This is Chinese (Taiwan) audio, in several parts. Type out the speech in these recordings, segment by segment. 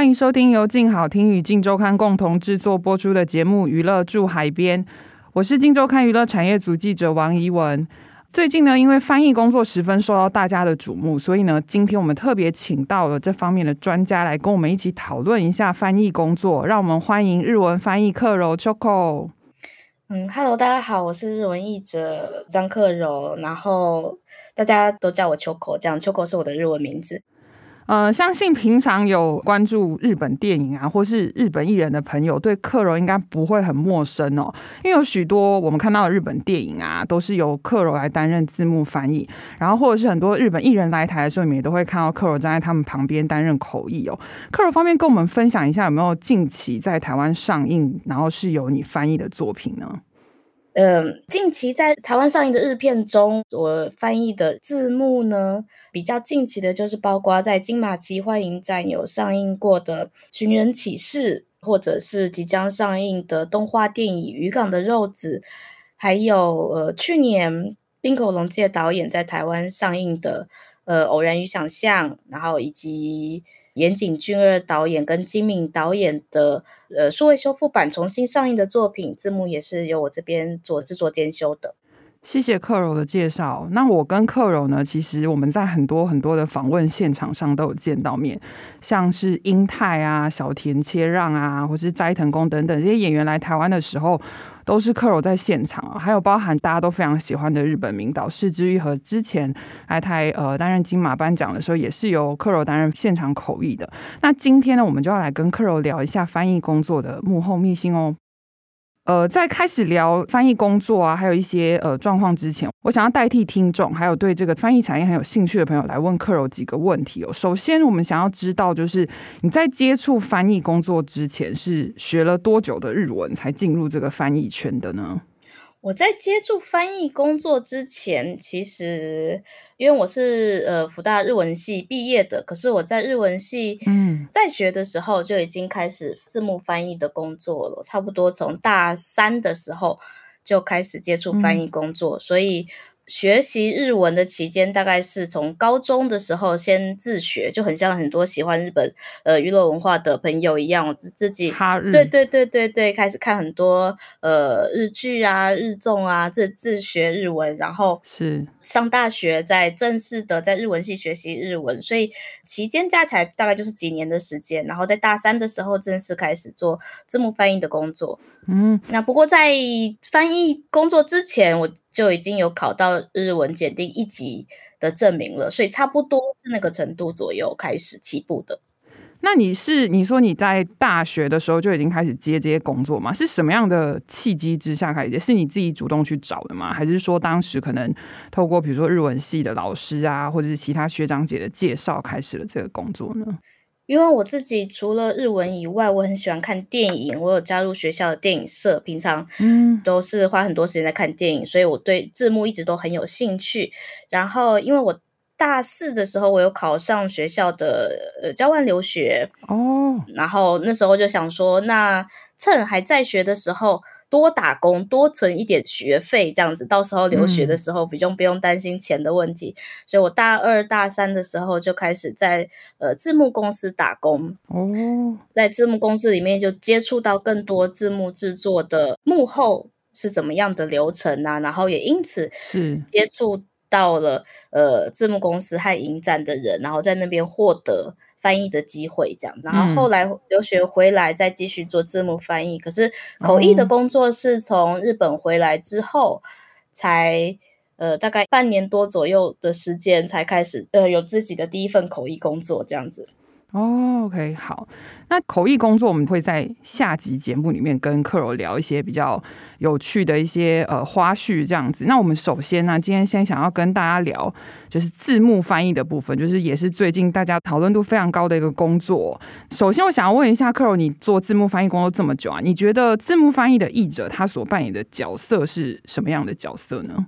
歡迎收聽由靜好聽與靜週刊共同制作播出的節目《娛樂駐海邊》，我是靜週刊娛樂產業組記者王怡文。最近呢，因為翻譯工作十分受到大家的矚目，所以呢，今天我們特別請到了這方面的專家來跟我們一起討論一下翻譯工作。讓我們歡迎日文翻譯克柔 Choco。嗯，Hello，大家好，我是日文譯者張克柔，然後大家都叫我 Choco，這樣 Choco 是我的日文名字。呃、嗯，相信平常有關注日本電影啊，或是日本藝人的朋友，對克柔應該不會很陌生哦。因為有許多我們看到的日本電影啊，都是由克柔來擔任字幕翻譯，然後或者是很多日本藝人來台的時候，你們也都會看到克柔站在他們旁邊擔任口譯哦。克柔方便跟我們分享一下，有沒有近期在台灣上映，然後是由你翻譯的作品呢？嗯、呃，近期在台灣上映的日片中，我翻譯的字幕呢，比較近期的就是包括在金馬奇幻影展有上映過的《尋人啟事》，或者是即將上映的動畫電影《漁港的肉子》，還有呃去年濱口龍介導演在台灣上映的呃《偶然與想象》，然後以及。岩井俊二導演跟金敏導演的呃數位修復版重新上映的作品，字幕也是由我這邊做製作兼修的。謝謝克柔的介紹。那我跟克柔呢，其實我們在很多很多的訪問現場上都有見到面，像是瑛太啊、小田切讓啊，或是齋藤工等等這些演員來台灣的時候。都是克柔在現場，還有包含大家都非常喜歡的日本名導是枝裕和之前來台呃，擔任金馬頒獎的時候，也是由克柔擔任現場口譯的。那今天呢，我們就要來跟克柔聊一下翻譯工作的幕後秘辛哦。呃，在開始聊翻譯工作啊，還有一些呃狀況之前，我想要代替聽眾，還有對這個翻譯產業很有興趣的朋友來問克柔幾個問題哦。首先，我們想要知道，就是你在接觸翻譯工作之前，是學了多久的日文才進入這個翻譯圈的呢？我在接觸翻譯工作之前，其實因為我是呃輔大日文系畢業的，可是我在日文系、嗯、在學的時候就已經開始字幕翻譯的工作了，差不多從大三的時候就開始接觸翻譯工作，嗯、所以。學習日文的期間，大概是從高中的時候先自學，就很像很多喜歡日本呃娛樂文化的朋友一樣，我自自己日對對對對對開始看很多呃日劇啊、日綜啊，自自學日文，然後是上大學在正式的在日文系學習日文，所以期間加起來大概就是幾年的時間，然後在大三的時候正式開始做字幕翻譯的工作。嗯，那不過在翻譯工作之前，我。就已經有考到日文檢定一級的證明了，所以差不多是那個程度左右開始起步的。那你是你說你在大學的時候就已經開始接這些工作嗎？是什麼樣的契機之下開始接？是你自己主動去找的嗎？還是說當時可能透過比如說日文系的老師啊，或者是其他學長姐的介紹，開始了這個工作呢？因為我自己除了日文以外，我很喜歡看電影。我有加入學校的電影社，平常嗯都是花很多時間在看電影，所以我對字幕一直都很有興趣。然後，因為我大四的時候，我有考上學校的呃交換留學哦，oh. 然後那時候就想說，那趁還在學的時候。多打工，多存一點學費，這樣子，到時候留學的時候，比較不用擔心錢的問題。嗯、所以我大二、大三的時候就開始在呃字幕公司打工。哦，在字幕公司裡面就接觸到更多字幕制作的幕後是怎麼樣的流程啊，然後也因此是接觸到了是呃字幕公司和影展的人，然後在那邊獲得。翻譯的機會，這樣，然後後來留學回來，再繼續做字幕翻譯。嗯、可是口譯的工作是從日本回來之後才，才、嗯、呃大概半年多左右的時間，才開始呃有自己的第一份口譯工作，這樣子。哦，OK，好。那口譯工作，我們會在下集節目裡面跟克柔聊一些比較有趣的一些呃花絮這樣子。那我們首先呢，今天先想要跟大家聊，就是字幕翻譯的部分，就是也是最近大家討論度非常高的一個工作。首先，我想要問一下克柔，你做字幕翻譯工作這麼久啊，你覺得字幕翻譯的譯者他所扮演的角色是什麼樣的角色呢？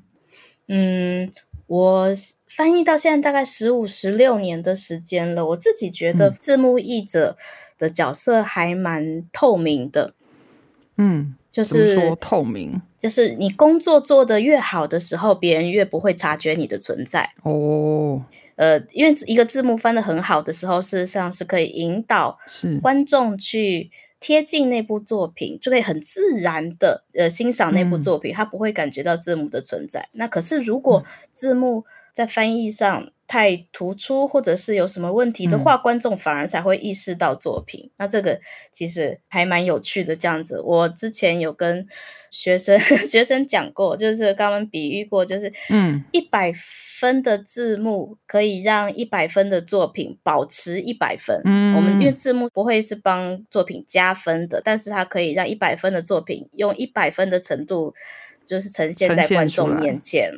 嗯。我翻譯到現在大概十五、十六年的時間了，我自己覺得字幕譯者的角色還蠻透明的。嗯，就是、嗯、說透明，就是你工作做得越好的時候，別人越不會察覺你的存在。哦，呃，因為一個字幕翻得很好的時候，事實上是可以引導觀眾去。貼近那部作品，就可以很自然的呃欣賞那部作品，他不會感覺到字幕的存在。嗯、那可是如果字幕，在翻譯上太突出，或者是有什麼問題的話，嗯、觀眾反而才會意識到作品。那這個其實還蠻有趣的，這樣子。我之前有跟學生呵呵學生講過，就是剛剛比喻過，就是嗯，一百分的字幕可以讓一百分的作品保持一百分。嗯、我們因為字幕不會是幫作品加分的，但是它可以讓一百分的作品用一百分的程度，就是呈現在觀眾面前。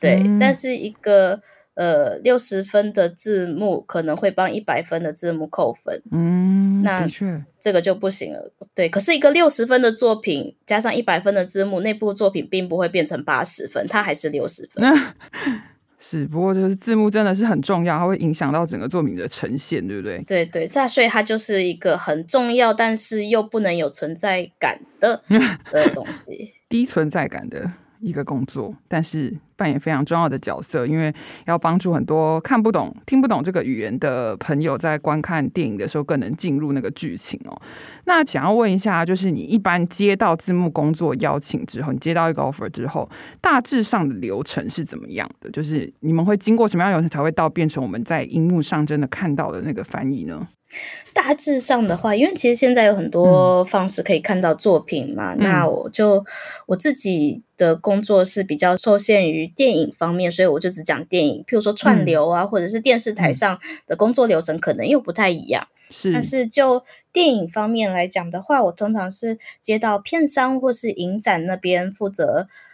對，嗯，但是一個呃六十分的字幕可能會幫一百分的字幕扣分，嗯，那的確這個就不行了。對，可是一個六十分的作品加上一百分的字幕，那部作品並不會變成八十分，它還是六十分那。是，不過就是字幕真的是很重要，它會影響到整個作品的呈現，對不對？對對，再所以它就是一個很重要，但是又不能有存在感的 的東西，低存在感的。一個工作，但是扮演非常重要的角色，因為要幫助很多看不懂、聽不懂這個語言的朋友，在觀看電影的時候更能進入那個劇情哦、喔。那想要問一下，就是你一般接到字幕工作邀請之後，你接到一個 offer 之後，大致上的流程是怎麼樣的？就是你們會經過什麼樣的流程才會到變成我們在熒幕上真的看到的那個翻譯呢？大致上的話，因為其實現在有很多方式可以看到作品嘛，嗯、那我就我自己的工作是比較受限於電影方面，所以我就只講電影，譬如說串流啊，或者是電視台上的工作流程，可能又不太一樣。嗯嗯是，但是就電影方面來講的話，我通常是接到片商或是影展那邊負責，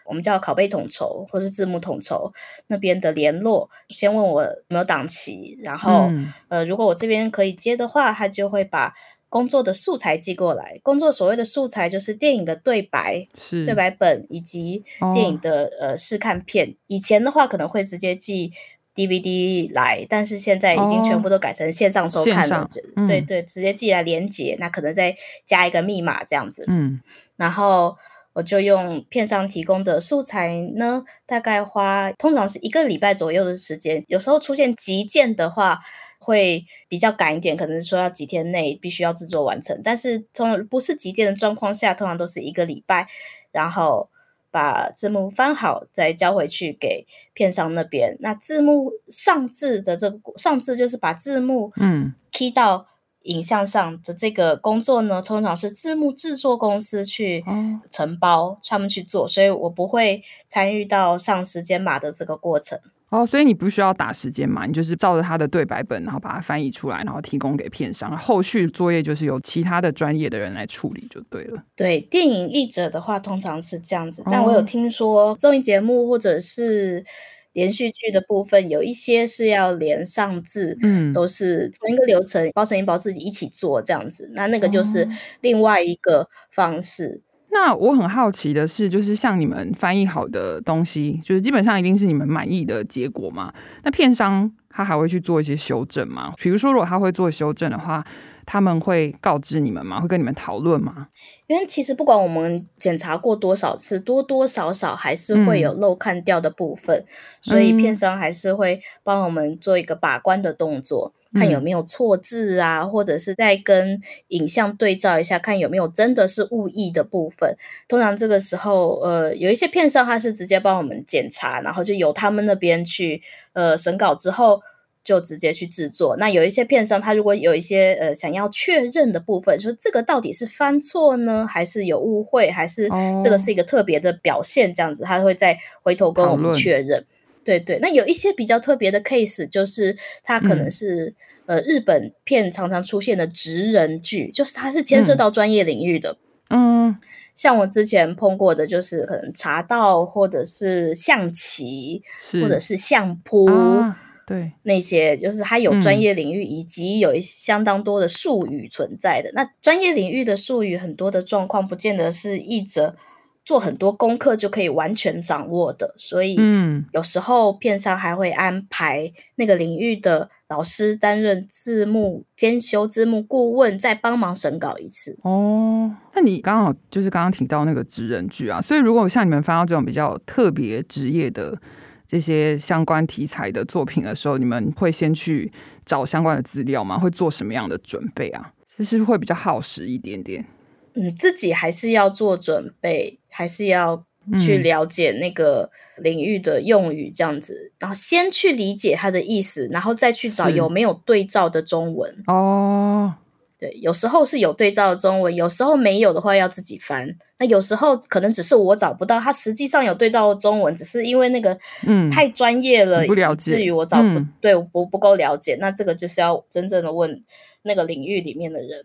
我們叫拷貝統籌或是字幕統籌那邊的聯絡，先問我有沒有檔期，然後、嗯、呃如果我這邊可以接的話，他就會把工作的素材寄過來。工作所謂的素材就是電影的對白，是對白本以及電影的、哦、呃試看片。以前的話可能會直接寄。DVD 來，但是現在已經全部都改成線上收看了，哦嗯、對，對對，直接寄來連結，那可能再加一個密碼這樣子。嗯，然後我就用片商提供的素材呢，大概花通常是一個禮拜左右的時間，有時候出現急件的話會比較趕一點，可能說要幾天內必須要制作完成。但是從不是急件的狀況下，通常都是一個禮拜，然後。把字幕翻好再交回去給片商那邊。那字幕上字的這個上字就是把字幕嗯 key 到影像上的這個工作呢，嗯、通常是字幕制作公司去承包他們、嗯、去做，所以我不會參與到上時間碼的這個過程。哦，所以你不需要打時間嘛？你就是照着他的對白本，然後把它翻譯出來，然後提供給片商。後續作業就是由其他的專業的人來處理就對了。對，電影譯者的話通常是這樣子。哦，但我有聽說綜藝節目或者是連續劇的部分，有一些是要連上字，嗯，都是同一個流程，包成一包自己一起做這樣子。那那個就是另外一個方式。哦那我很好奇的是，就是像你們翻譯好的東西，就是基本上一定是你們滿意的結果嘛？那片商他還會去做一些修正嗎？比如說，如果他會做修正的話，他們會告知你們嗎？會跟你們討論嗎？因為其實不管我們檢查過多少次，多多少少還是會有漏看掉的部分，嗯、所以片商還是會幫我們做一個把關的動作。嗯、看有沒有錯字啊，或者是再跟影像對照一下，看有沒有真的是誤譯的部分。通常這個時候，呃，有一些片商他是直接幫我們檢查，然後就由他們那邊去呃審稿之後，就直接去製作。那有一些片商，他如果有一些呃想要確認的部分，說這個到底是翻錯呢，還是有誤會，還是這個是一個特別的表現，哦、這樣子，他會再回頭跟我們確認。對對，那有一些比較特別的 case，就是它可能是、嗯、呃日本片常常出現的職人劇，就是它是牽涉到專業領域的，嗯，嗯像我之前碰過的，就是可能茶道或者是象棋，是或者是相撲、哦，對，那些就是它有專業領域，以及有一相當多的術語存在的。嗯、那專業領域的術語很多的狀況，不見得是譯者做很多功課就可以完全掌握的。所以嗯，有時候片商還會安排那個領域的老師擔任字幕兼修字幕顧問，再幫忙審稿一次。哦，那你剛好就是剛剛提到那個職人劇啊，所以如果像你們翻到這種比較特別職業的這些相關題材的作品的時候，你們會先去找相關的資料嗎？會做什麼樣的準備啊？其實會比較耗時一點點。嗯，自己還是要做準備，還是要去了解那個領域的用語這樣子，嗯、然後先去理解它的意思，然後再去找有沒有對照的中文。哦是，對，有時候是有對照的中文，有時候沒有的話要自己翻。那有時候可能只是我找不到，它實際上有對照的中文，只是因為那個嗯太專業了，以、嗯、至於我找不、嗯、對，我不不夠了解。那這個就是要真正的問那個領域裡面的人。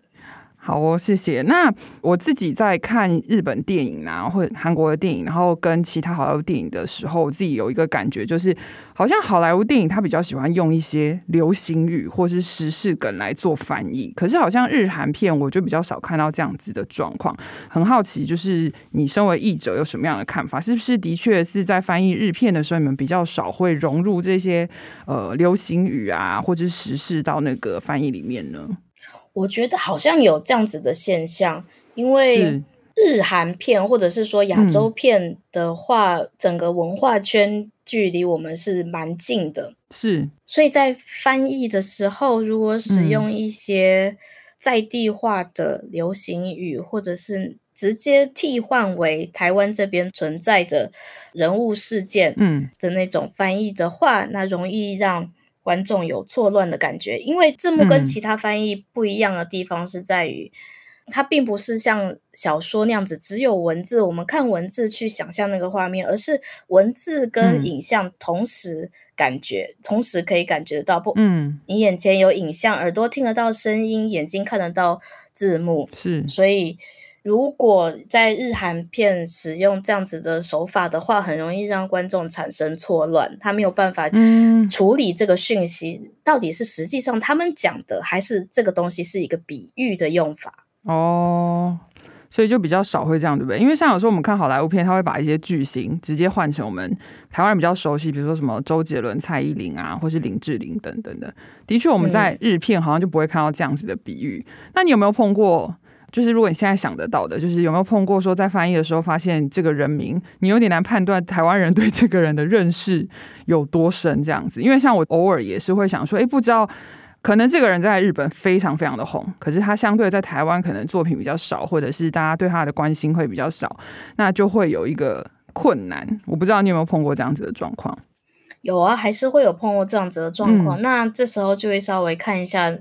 好哦，謝謝。那我自己在看日本電影啊，或者韓國的電影，然後跟其他好萊塢電影的時候，我自己有一個感覺，就是好像好萊塢電影它比較喜歡用一些流行語或是時事梗來做翻譯，可是好像日韓片我就比較少看到這樣子的狀況。很好奇，就是你身為譯者有什麼樣的看法？是不是的確是在翻譯日片的時候，你們比較少會融入這些呃流行語啊，或者是時事到那個翻譯裡面呢？我覺得好像有這樣子的現象，因為日韓片或者是說亞洲片的話，嗯、整個文化圈距離我們是蠻近的，是，所以在翻譯的時候，如果使用一些在地化的流行語，嗯、或者是直接替換為台灣這邊存在的人物事件，嗯，的那種翻譯的話，那容易讓觀眾有錯亂的感覺，因為字幕跟其他翻譯不一樣的地方是在於，嗯、它並不是像小說那樣子只有文字，我們看文字去想象那個畫面，而是文字跟影像同時感覺，嗯、同時可以感覺到。不，嗯，你眼前有影像，耳朵聽得到聲音，眼睛看得到字幕，是，所以。如果在日韓片使用這樣子的手法的話，很容易讓觀眾產生錯亂，他沒有辦法處理這個訊息，嗯、到底是實際上他們講的，還是這個東西是一個比喻的用法？哦，所以就比較少會這樣，對不對？因為像有時候我們看好萊塢片，他會把一些巨星直接換成我們台灣人比較熟悉，比如說什麼周杰倫、蔡依林啊，或是林志玲等等的。的確，我們在日片好像就不會看到這樣子的比喻。嗯、那你有沒有碰過？就是如果你現在想得到的，就是有沒有碰過說在翻譯的時候，發現這個人名你有點難判斷台灣人對這個人的認識有多深這樣子。因為像我偶爾也是會想說，哎，不知道可能這個人在日本非常非常的紅，可是他相對在台灣可能作品比較少，或者是大家對他的關心會比較少，那就會有一個困難。我不知道你有沒有碰過這樣子的狀況？有啊，還是會有碰過這樣子的狀況。嗯，那這時候就會稍微看一下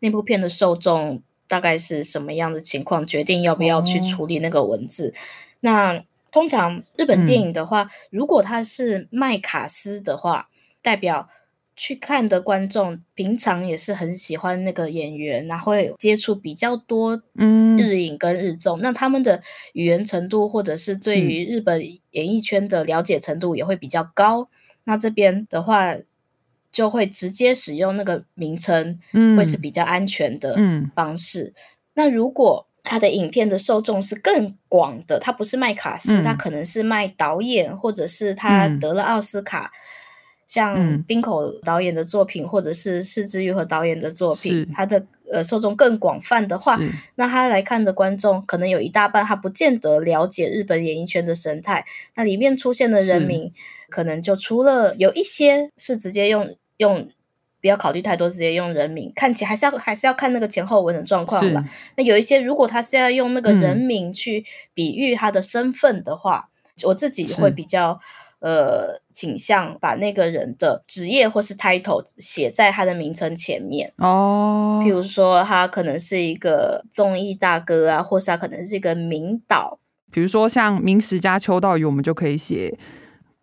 那部片的受眾。大概是什麼樣的情況，決定要不要去處理那個文字？哦、那通常日本電影的話，嗯、如果它是賣卡司的話，代表去看的觀眾平常也是很喜歡那個演員，然後會接觸比較多日影跟日綜，嗯、那他們的語言程度或者是對於日本演藝圈的了解程度也會比較高。是那這邊的話，就會直接使用那個名稱，嗯、會是比較安全的方式。嗯、那如果他的影片的受眾是更廣的，他不是賣卡司，嗯、他可能是賣導演，或者是他得了奧斯卡，嗯、像濱口導演的作品，嗯、或者是是枝裕和導演的作品，是他的呃受眾更廣泛的話，是那他來看的觀眾可能有一大半，他不見得了解日本演藝圈的生態，那裡面出現的人名，是可能就除了有一些是直接用。用不要考慮太多，直接用人名。看起來還是要還是要看那個前後文的狀況吧。是那有一些，如果他是要用那個人名去比喻他的身份的話，嗯、我自己會比較是呃傾向把那個人的職業或是 title 寫在他的名稱前面。哦，比如說他可能是一個綜藝大哥啊，或是他可能是一個名導。比如說像明石家秋刀魚，我們就可以寫。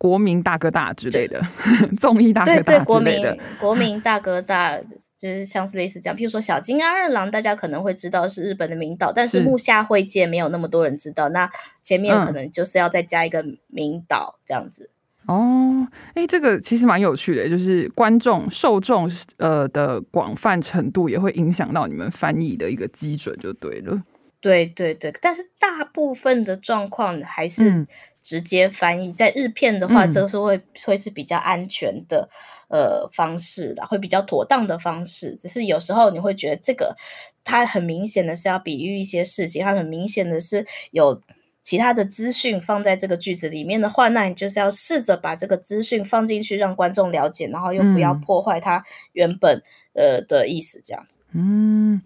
國民大哥大之類的對，綜藝 大哥大之類的。對對對，國民 國民大哥大就是像是類似這樣。譬如說小津安二郎，大家可能會知道是日本的名導，但是木下惠介沒有那麼多人知道。是那前面可能就是要再加一個名導這樣子。嗯、哦，哎、欸，這個其實蠻有趣的，就是觀眾受眾呃的廣泛程度也會影響到你們翻譯的一個基準，就對了。對對對，但是大部分的狀況還是。嗯直接翻譯，在日片的話，嗯、這個是會會是比較安全的，呃，方式的，會比較妥當的方式。只是有時候你會覺得這個，它很明顯的是要比喻一些事情，它很明顯的是有其他的資訊放在這個句子裡面的話，那你就是要試着把這個資訊放進去，讓觀眾了解，然後又不要破壞它原本、嗯、呃的意思，這樣子。嗯。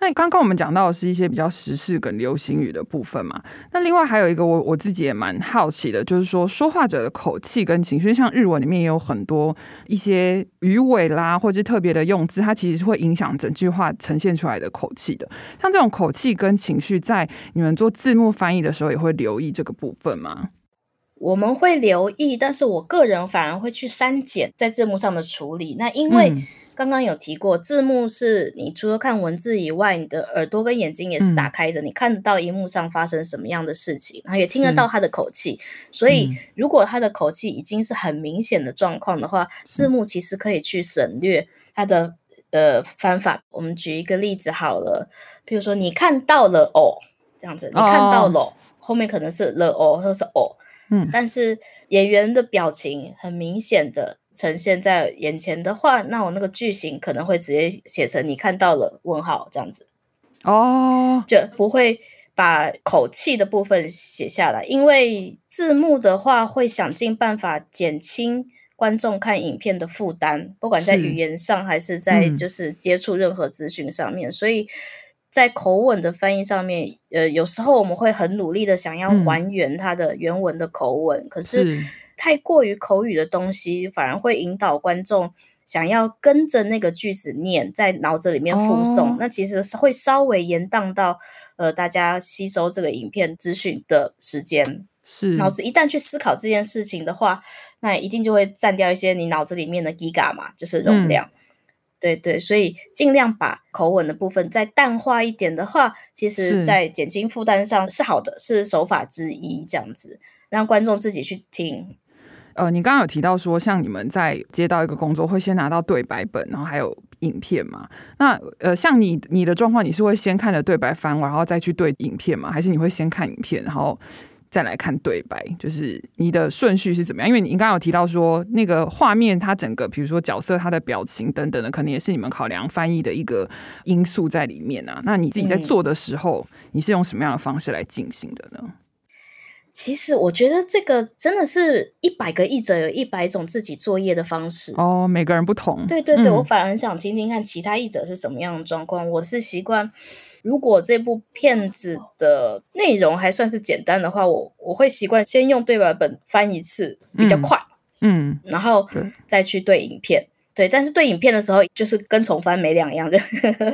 那剛剛我們講到的是一些比較時事跟流行語的部分嘛。那另外還有一個我，我我自己也蠻好奇的，就是說，說話者的口氣跟情緒，像日文裡面也有很多一些語尾啦，或者特別的用字，它其實是會影響整句話呈現出來的口氣的。像這種口氣跟情緒，在你們做字幕翻譯的時候，也會留意這個部分嗎？我們會留意，但是我個人反而會去刪減在字幕上的處理。那因為。嗯剛剛有提過，字幕是你除了看文字以外，你的耳朵跟眼睛也是打開的，嗯、你看得到熒幕上發生什麼樣的事情，嗯、然後也聽得到他的口氣。是所以如果他的口氣已經是很明顯的狀況的話，嗯、字幕其實可以去省略他的是呃方法。我們舉一個例子好了，比如說你看到了哦這樣子，哦哦，你看到了後面可能是了哦，或是哦，嗯，但是演員的表情很明顯的。呈現在眼前的話，那我那個句型可能會直接寫成“你看到了？”問號這樣子，哦，就不會把口氣的部分寫下來，因為字幕的話會想盡辦法減輕觀眾看影片的負擔，不管在語言上還是在就是接觸任何資訊上面，嗯、所以在口吻的翻譯上面，呃，有時候我們會很努力的想要還原它的原文的口吻，嗯、可是。是太過於口語的東西，反而會引導觀眾想要跟着那個句子念，在腦子裡面複誦。Oh. 那其實是會稍微延宕到呃，大家吸收這個影片資訊的時間。是腦子一旦去思考這件事情的話，那一定就會占掉一些你腦子裡面的 Giga 嘛，就是容量。嗯、對，對對，所以盡量把口吻的部分再淡化一點的話，其實，在減輕負擔上是好的，是手法之一。這樣子讓觀眾自己去聽。呃，你剛剛有提到說，像你們在接到一個工作，會先拿到對白本，然後還有影片嘛？那呃，像你你的狀況，你是會先看着對白翻完，然後再去對影片嘛？還是你會先看影片，然後再來看對白？就是你的順序是怎麼樣？因為你剛剛有提到說，那個畫面它整個，比如說角色它的表情等等的，可能也是你們考量翻譯的一個因素在裡面啊。那你自己在做的時候，嗯、你是用什麼樣的方式來進行的呢？其實我覺得這個真的是一百個譯者有一百種自己作業的方式哦，每個人不同。對對對，嗯，我反而很想聽聽看其他譯者是什麼樣的狀況。我是習慣，如果這部片子的內容還算是簡單的話，我我會習慣先用對白本翻一次，比較快。嗯，嗯，然後再去對影片。對，但是對影片的時候，就是跟重翻沒兩樣的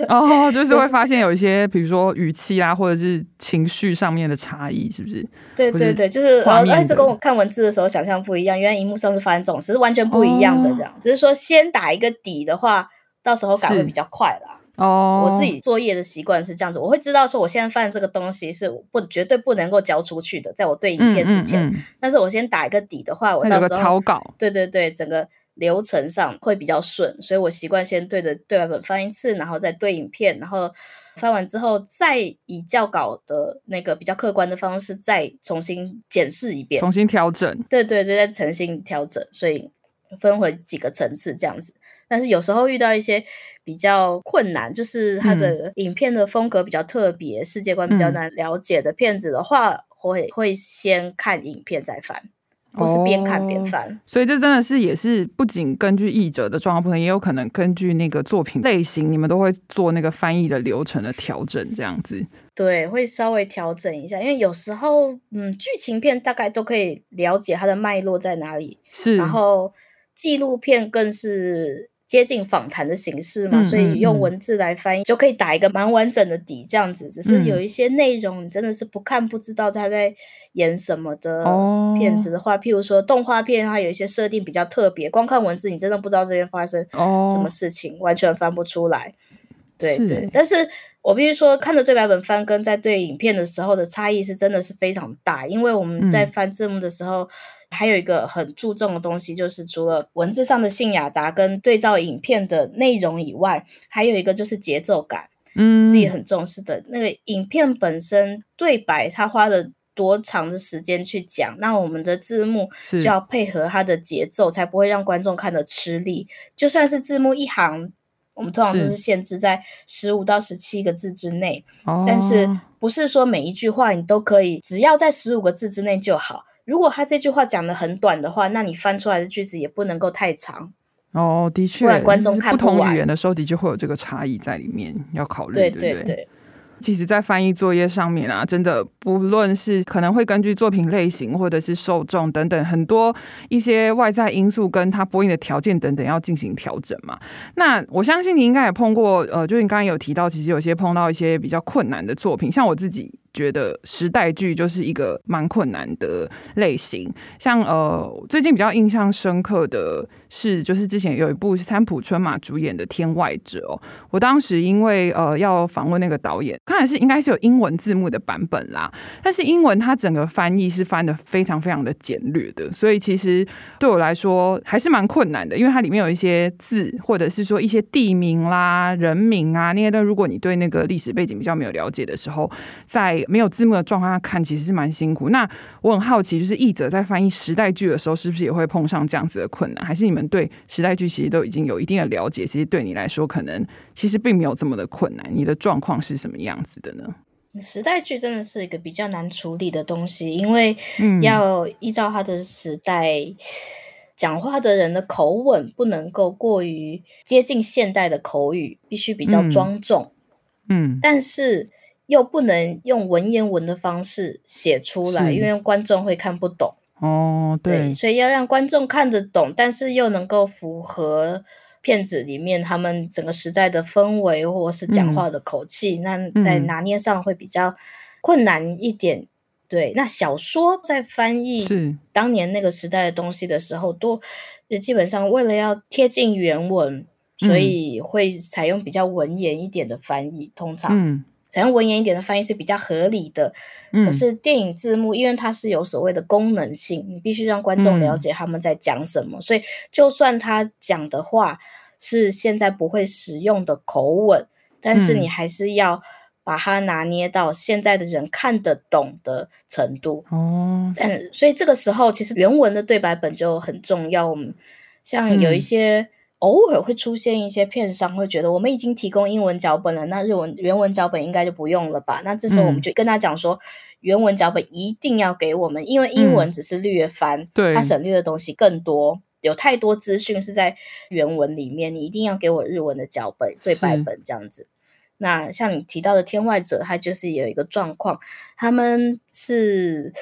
哦，就是會發現有一些，就是、比如說語氣啊，或者是情緒上面的差異，是不是？對對對，是就是、哦、還是跟我看文字的時候想象不一樣。原來熒幕上是翻轉，其實是完全不一樣的這樣。只、哦、是說先打一個底的話，到時候改會比較快啦。哦，我自己作業的習慣是這樣子，我會知道說我現在翻的這個東西是不絕對不能夠交出去的，在我對影片之前。嗯嗯嗯、但是我先打一個底的話，我到時候有個草稿。對對對，整個。流程上會比較順，所以我習慣先對着對白本翻一次，然後再對影片，然後翻完之後再以校稿的那個比較客觀的方式再重新檢視一遍，重新調整。對對對，再重新調整。所以分為幾個層次這樣子。但是有時候遇到一些比較困難，就是他的影片的風格比較特別，嗯、世界觀比較難了解的片子的話，嗯、我也會先看影片再翻。我是邊看邊翻，oh, 所以這真的是也是不僅根據譯者的狀況不同，也有可能根據那個作品類型，你們都會做那個翻譯的流程的調整，這樣子。對，會稍微調整一下，因為有時候，嗯，劇情片大概都可以了解它的脈絡在哪裡，是，然後紀錄片更是。接近訪談的形式嘛，嗯、所以用文字來翻譯就可以打一個蠻完整的底，這樣子。只是有一些內容，你真的是不看不知道他在演什麼的片子的話，哦、譬如說動畫片，它有一些設定比較特別，光看文字你真的不知道這邊發生什麼事情，完全翻不出來。哦、對，對，對是，但是我必須說，看着對白本翻跟在對影片的時候的差異是真的是非常大，因為我們在翻字幕的時候。嗯還有一個很注重的東西，就是除了文字上的信雅達跟對照影片的內容以外，還有一個就是節奏感，嗯，自己很重視的那個影片本身對白，它花了多長的時間去講，那我們的字幕就要配合它的節奏，是才不會讓觀眾看得吃力。就算是字幕一行，我們通常都是限制在十五到十七個字之內，是但是不是說每一句話你都可以，只要在十五個字之內就好。如果他這句話講得很短的話，那你翻出來的句子也不能夠太長哦。的確，不，不同語言的時候，的確會有這個差異在裡面要考慮，對對對。其實，在翻譯作業上面啊，真的不論是可能會根據作品類型，或者是受眾等等，很多一些外在因素，跟它播音的條件等等，要進行調整嘛。那我相信你應該也碰過，呃，就你剛剛有提到，其實有些碰到一些比較困難的作品，像我自己，覺得時代劇就是一個蠻困難的類型像，像呃，最近比較印象深刻的是，就是之前有一部是三浦春馬主演的《天外者》哦。我當時因為呃要訪問那個導演，看來是應該是有英文字幕的版本啦，但是英文它整個翻譯是翻得非常非常的簡略的，所以其實對我來說還是蠻困難的，因為它裡面有一些字或者是說一些地名啦、人名啊那些，但如果你對那個歷史背景比較沒有了解的時候，在沒有字幕的狀況下看，其實是蠻辛苦。那我很好奇，就是譯者在翻譯時代劇的時候，是不是也會碰上這樣子的困難？還是你們對時代劇其實都已經有一定的了解？其實對你來說，可能其實並沒有這麼的困難。你的狀況是什麼樣子的呢？時代劇真的是一個比較難處理的東西，因為要依照他的時代、講話的人的口吻，不能夠過於接近現代的口語，必須比較莊重。嗯，嗯。但是。又不能用文言文的方式寫出來，是因為觀眾會看不懂哦。Oh, 對,對，所以要讓觀眾看得懂，但是又能夠符合片子裡面他們整個時代的氛圍或是講話的口氣，嗯、那在拿捏上會比較困難一點。嗯、對，那小說在翻譯當年那個時代的東西的時候，是都基本上為了要貼近原文，嗯、所以會採用比較文言一點的翻譯，通常。嗯採用文言一點的翻譯是比較合理的，嗯、可是電影字幕因為它是有所謂的功能性，你必須讓觀眾了解他們在講什麼，嗯、所以就算他講的話是現在不會使用的口吻，但是你還是要把它拿捏到現在的人看得懂的程度哦。嗯、但所以這個時候，其實原文的對白本就很重要。我們像有一些。偶爾會出現一些片商會覺得，我們已經提供英文腳本了，那日文原文腳本應該就不用了吧？那這時候我們就跟他講說，原文腳本一定要給我們，因為英文只是略翻，它，嗯、對、省略的東西更多，有太多資訊是在原文裡面，你一定要給我日文的腳本、對白本這樣子。是那像你提到的《天外者》，他就是有一個狀況，他們是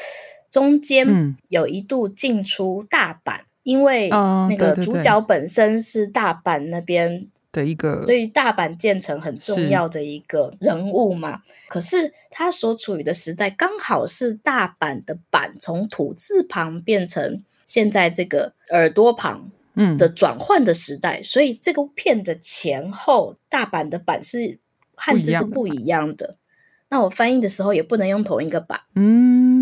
中間有一度進出大阪，嗯因為那個主角本身是大阪那邊的一個，對於大阪建成很重要的一個人物嘛。可是他所處於的時代，剛好是大阪的“阪”從土字旁變成現在這個耳朵旁的轉換的時代，所以這個片的前後大阪的“阪”是漢字是不一樣的。那我翻譯的時候也不能用同一個“阪”。嗯。嗯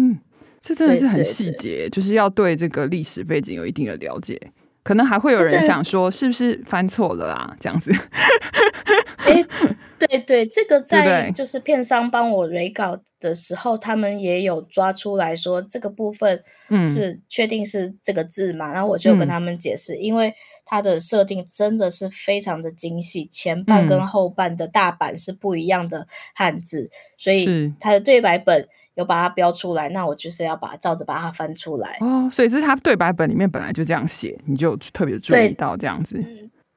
這真的是很細節，對對對，就是要對這個歷史背景有一定的了解。可能還會有人想說，是不是翻錯了啊？這，在這樣子，哎、欸，對對，這個在就是片商幫我 re 稿的時候，對對，他們也有抓出來說這個部分是確定是這個字嘛？嗯、然後我就跟他們解釋，嗯、因為它的設定真的是非常的精細，前半跟後半的大版是不一樣的漢字，嗯、所以它的對白本。有把它標出來，那我就是要把照着把它翻出來哦。所以是他對白本裡面本來就這樣寫，你就特別注意到這樣子。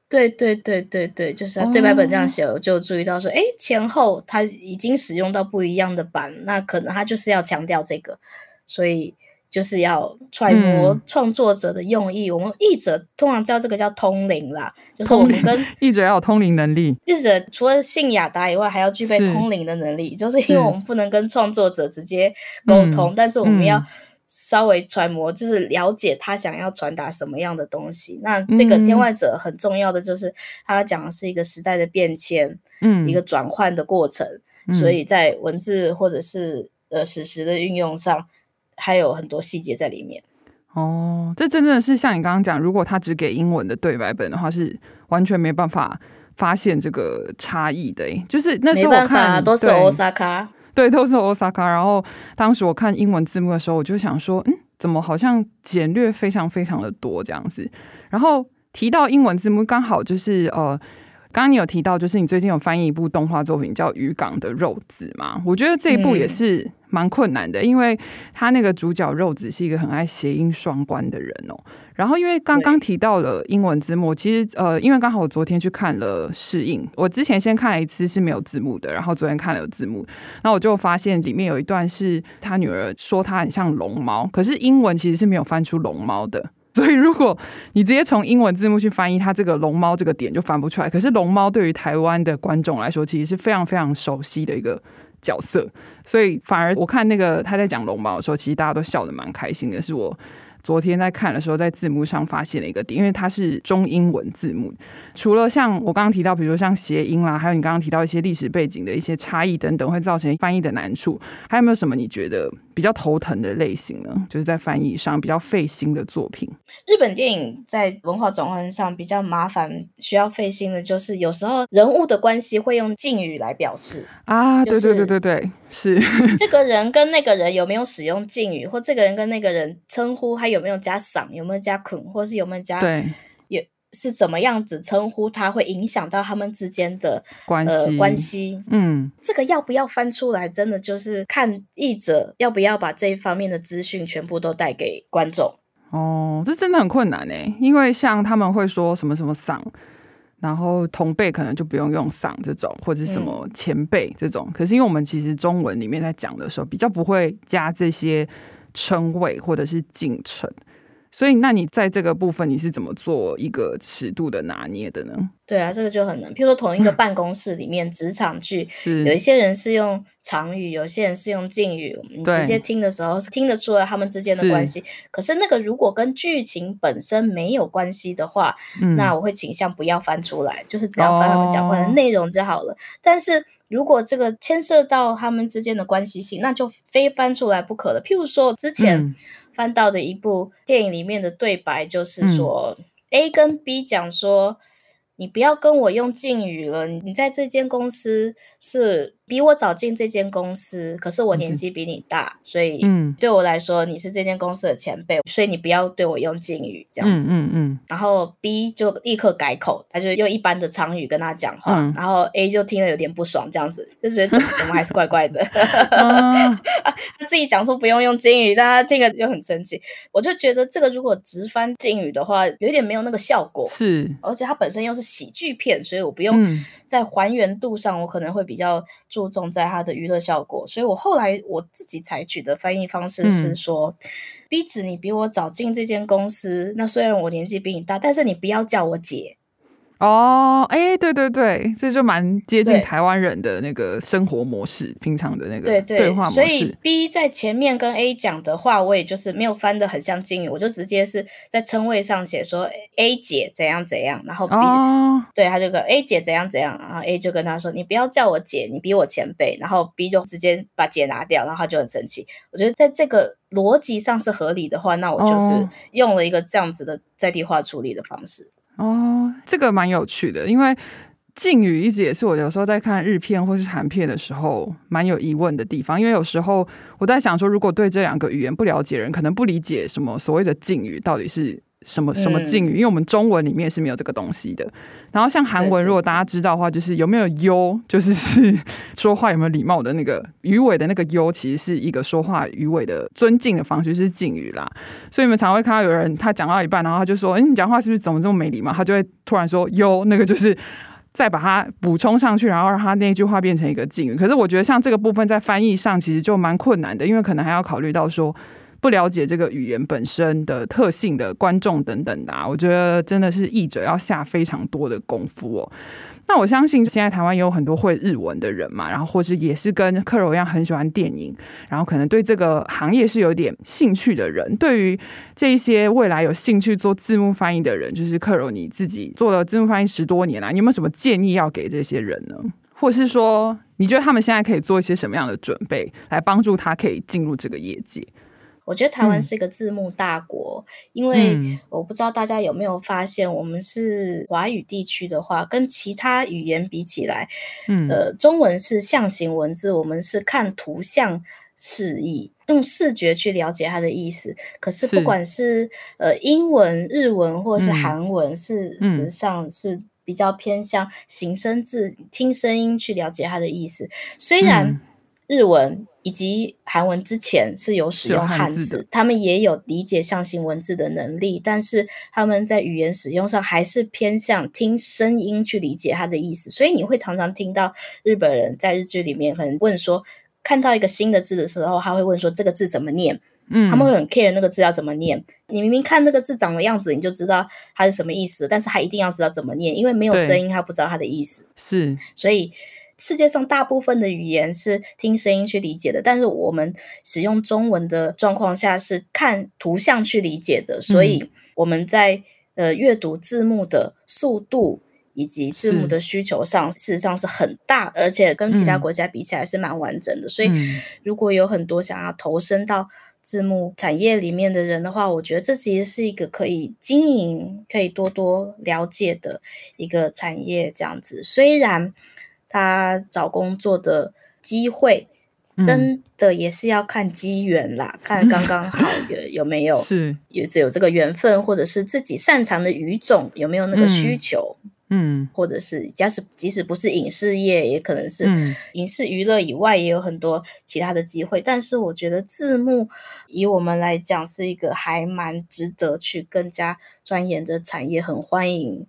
對、嗯、對對對對，就是他對白本這樣寫，哦、我就注意到說，哎，前後他已經使用到不一樣的版，那可能他就是要強調這個，所以。就是要揣摩創作者的用意，嗯、我們譯者通常叫這個叫通靈啦，靈就是我們跟譯者要有通靈能力。譯者除了信雅達以外，還要具備通靈的能力，是就是因為我們不能跟創作者直接溝通，是但是我們要稍微揣摩，就是了解他想要傳達什麼樣的東西。嗯、那這個天外者很重要的就是他講的是一個時代的變遷，嗯，一個轉換的過程，嗯、所以在文字或者是呃史實的運用上，還有很多細節在裡面哦，這真的是像你剛剛講，如果他只給英文的對白本的話，是完全沒辦法發現這個差異的誒、欸。就是那時候我看、啊、都是 Osaka，對，對，都是 Osaka。然後當時我看英文字幕的時候，我就想說，嗯，怎麼好像簡略非常非常的多這樣子？然後提到英文字幕，剛好就是呃。剛剛你有提到，就是你最近有翻譯一部動畫作品，叫《漁港的肉子》嗎？我覺得這一部也是蠻困難的，因為他那個主角肉子是一個很愛諧音雙關的人哦。然後因為剛剛提到了英文字幕，其實呃，因為剛好我昨天去看了試映，我之前先看了一次是沒有字幕的，然後昨天看了有字幕，然後我就發現裡面有一段是他女兒說他很像龍貓，可是英文其實是沒有翻出龍貓的。所以，如果你直接從英文字幕去翻譯，它這個龍貓這個點就翻不出來。可是，龍貓對於台灣的觀眾來說，其實是非常非常熟悉的一個角色。所以，反而我看那個他在講龍貓的時候，其實大家都笑得蠻開心的。是我昨天在看的時候，在字幕上發現了一個點，因為它是中英文字幕。除了像我剛剛提到，比如說像諧音啦，還有你剛剛提到一些歷史背景的一些差異等等，會造成翻譯的難處。還有沒有什麼你覺得？比較頭疼的類型呢，就是在翻譯上比較費心的作品。日本電影在文化轉換上比較麻煩，需要費心的，就是有時候人物的關係會用敬語來表示啊。對、就是、對對對對，是這個人跟那個人有沒有使用敬語，或這個人跟那個人稱呼還有沒有加嗓，有沒有加君，或是有沒有加對。是怎麼樣子稱呼他，會影響到他們之間的關係、呃、關係。嗯，這個要不要翻出來，真的就是看譯者要不要把這一方面的資訊全部都帶給觀眾。哦，這真的很困難呢，因為像他們會說什麼什麼桑，然後同輩可能就不用用桑這種，或者是什麼前輩這種。嗯、可是因為我們其實中文裡面在講的時候，比較不會加這些稱謂或者是敬稱。所以，那你在這個部分你是怎麼做一個尺度的拿捏的呢？對啊，這個就很難。譬如說，同一個辦公室裡面，職場劇，有一些人是用常語，有些人是用敬語。你直接聽的時候，聽得出來他們之間的關係。是可是，那個如果跟劇情本身沒有關係的話，嗯、那我會傾向不要翻出來，就是只要翻他們講話的內容就好了。哦、但是如果這個牽涉到他們之間的關係性，那就非翻出來不可了。譬如說之前。嗯看到的一部電影裡面的對白，就是說、嗯、A 跟 B 講說：“你不要跟我用敬語了，你在這間公司是，”比我早進這間公司，可是我年紀比你大，是所以對我來說，你是這間公司的前輩，嗯、所以你不要對我用敬語這樣子。嗯嗯。嗯然後 B 就立刻改口，他就用一般的常語跟他講話。嗯、然後 A 就聽了有點不爽，這樣子就覺得怎麼，怎麼還是怪怪的。 啊、 他自己講說不用用敬語，但他聽了就很生氣。我就覺得這個如果直翻敬語的話，有點沒有那個效果。是。而且它本身又是喜劇片，所以我不用。嗯在還原度上，我可能會比較注重在它的娛樂效果，所以我後來我自己採取的翻譯方式是說：“嗯、彼子，你比我早進這間公司，那雖然我年紀比你大，但是你不要叫我姐。”哦，哎，oh, 對對對，這就蠻接近台灣人的那個生活模式，對平常的那個對話模式對對。所以 B 在前面跟 A 講的話，我也就是沒有翻得很像敬語，我就直接是在稱謂上寫說 A 姐怎樣怎樣，然後 B、oh. 對他就跟 A 姐怎樣怎樣，然後 A 就跟他說你不要叫我姐，你比我前輩，然後 B 就直接把姐拿掉，然後他就很生氣。我覺得在這個邏輯上是合理的話，那我就是用了一個這樣子的在地化處理的方式。Oh. 哦，oh, 這個蠻有趣的，因為敬語一直也是我有時候在看日片或是韓片的時候蠻有疑問的地方。因為有時候我在想說，如果對這兩個語言不了解人，人可能不理解什麼所謂的敬語到底是。什麼什麼敬語？嗯、因為我們中文裡面是沒有這個東西的。然後像韓文，如果大家知道的話，就是有沒有優？就是是說話有沒有禮貌的那個語尾的那個優，其實是一個說話語尾的尊敬的方式，就是敬語啦。所以你們常會看到有人他講到一半，然後他就說：“哎、欸，你講話是不是怎麼這麼沒禮貌？”他就會突然說“優”，那個就是再把它補充上去，然後讓他那句話變成一個敬語。可是我覺得像這個部分在翻譯上其實就蠻困難的，因為可能還要考慮到說。不了解這個語言本身的特性的觀眾等等啊，我覺得真的是譯者要下非常多的功夫哦。那我相信現在台灣也有很多會日文的人嘛，然後或是也是跟克柔一樣很喜歡電影，然後可能對這個行業是有點興趣的人。對於這一些未來有興趣做字幕翻譯的人，就是克柔你自己做了字幕翻譯十多年了、啊，你有沒有什麼建議要給這些人呢？或是說你覺得他們現在可以做一些什麼樣的準備，來幫助他可以進入這個業界？我覺得台灣是一個字幕大國，嗯、因為我不知道大家有沒有發現，我們是華語地區的話，跟其他語言比起來，嗯、呃，中文是象形文字，我們是看圖像示意，用視覺去了解它的意思。可是不管是，是呃英文、日文或是韓文是，事、嗯、實上是比較偏向形聲字，聽聲音去了解它的意思。雖然日文。嗯以及韓文之前是有使用漢字，漢字他們也有理解象形文字的能力，但是他們在語言使用上還是偏向聽聲音去理解它的意思。所以你會常常聽到日本人在日劇裡面很問說，看到一個新的字的時候，他會問說這個字怎麼念？嗯，他們會很 care 那個字要怎麼念。嗯、你明明看那個字長的樣子，你就知道它是什麼意思，但是他一定要知道怎麼念，因為沒有聲音，他不知道它的意思。是對，所以。世界上大部分的語言是聽聲音去理解的，但是我們使用中文的狀況下是看圖像去理解的，嗯、所以我們在呃閱讀字幕的速度以及字幕的需求上，是事實上是很大，而且跟其他國家比起來是蠻完整的。嗯、所以，如果有很多想要投身到字幕產業裡面的人的話，我覺得這其實是一個可以經營、可以多多了解的一個產業。這樣子，雖然。他找工作的機會，真的也是要看機緣啦，嗯、看剛剛好有 有沒有，有，是只有這個緣分，或者是自己擅長的語種有沒有那個需求，嗯，嗯，或者是假使即使不是影視業，也可能是影視娛樂以外也有很多其他的機會。嗯、但是我覺得字幕以我們來講是一個還蠻值得去更加鑽研的產業，很歡迎。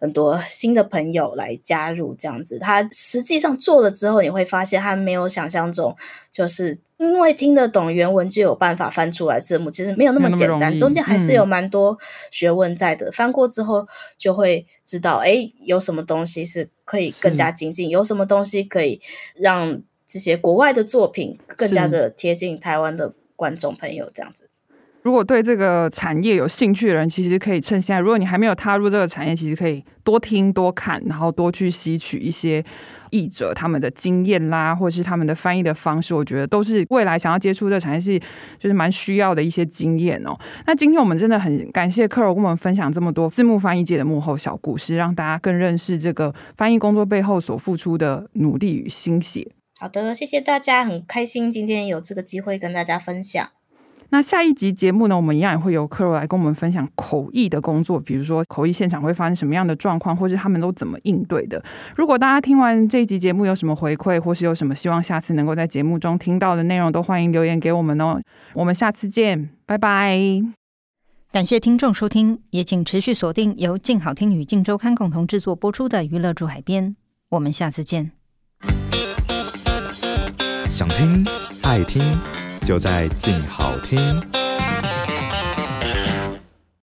很多新的朋友來加入，這樣子，他實際上做了之後，你會發現他沒有想象中，就是因為聽得懂原文就有辦法翻出來字幕，其實沒有那麼簡單，中間還是有蠻多學問在的。嗯、翻過之後就會知道，誒、欸，有什麼東西是可以更加精進，是有什麼東西可以讓這些國外的作品更加的貼近台灣的觀眾朋友，這樣子。如果對這個產業有興趣的人，其實可以趁現在。如果你還沒有踏入這個產業，其實可以多聽、多看，然後多去吸取一些譯者他們的經驗啦，或者是他們的翻譯的方式。我覺得都是未來想要接觸這個產業是，就是蠻需要的一些經驗哦。那今天我們真的很感謝克柔跟我們分享這麼多字幕翻譯界的幕後小故事，讓大家更認識這個翻譯工作背後所付出的努力與心血。好的，謝謝大家，很開心今天有這個機會跟大家分享。那下一集節目呢，我們一樣也會由克柔來跟我們分享口譯的工作，比如說口譯現場會發生什麼樣的狀況，或是他們都怎麼應對的。如果大家聽完這一集節目有什麼回饋，或是有什麼希望下次能夠在節目中聽到的內容，都歡迎留言給我們哦。我們下次見，拜拜。感謝聽眾收聽，也請持續鎖定由鏡好聽與鏡週刊共同製作播出的《娛樂駐海邊》，我們下次見。想聽，愛聽。就在靜好聽。